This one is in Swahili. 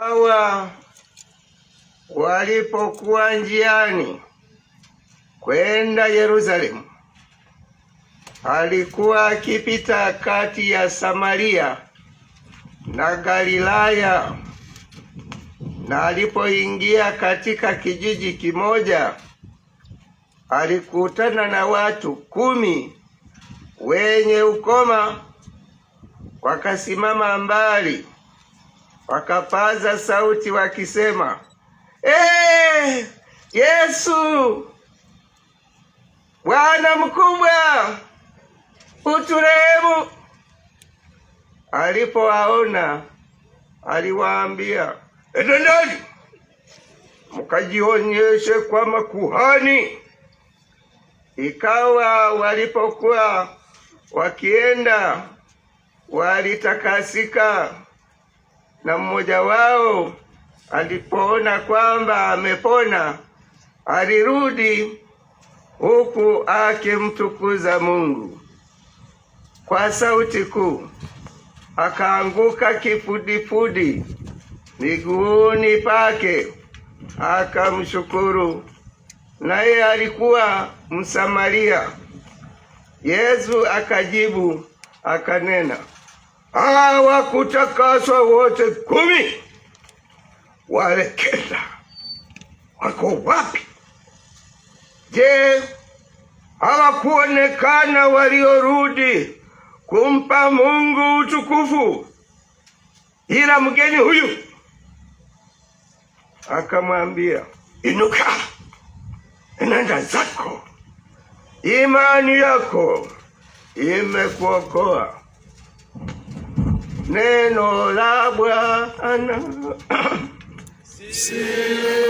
Hawa walipokuwa njiani kwenda Yerusalemu, alikuwa akipita kati ya Samaria na Galilaya, na alipoingia katika kijiji kimoja, alikutana na watu kumi wenye ukoma, wakasimama mbali wakapaza sauti wakisema, hey, eh, Yesu Bwana mkubwa uturehemu. Alipowaona aliwaambia, endendeni mkajionyeshe kwa makuhani. Ikawa walipokuwa wakienda walitakasika na mmoja wao alipoona kwamba amepona alirudi huku akimtukuza Mungu kwa sauti kuu, akaanguka kifudifudi miguuni pake akamshukuru. Naye alikuwa Msamaria. Yesu akajibu akanena hawa kutakaswa wote kumi walekeza wako wapi? Je, hawakuonekana waliorudi kumpa Mungu utukufu? Ila mgeni huyu akamwambia, inuka, enenda zako, imani yako imekuokoa. Neno la Bwana.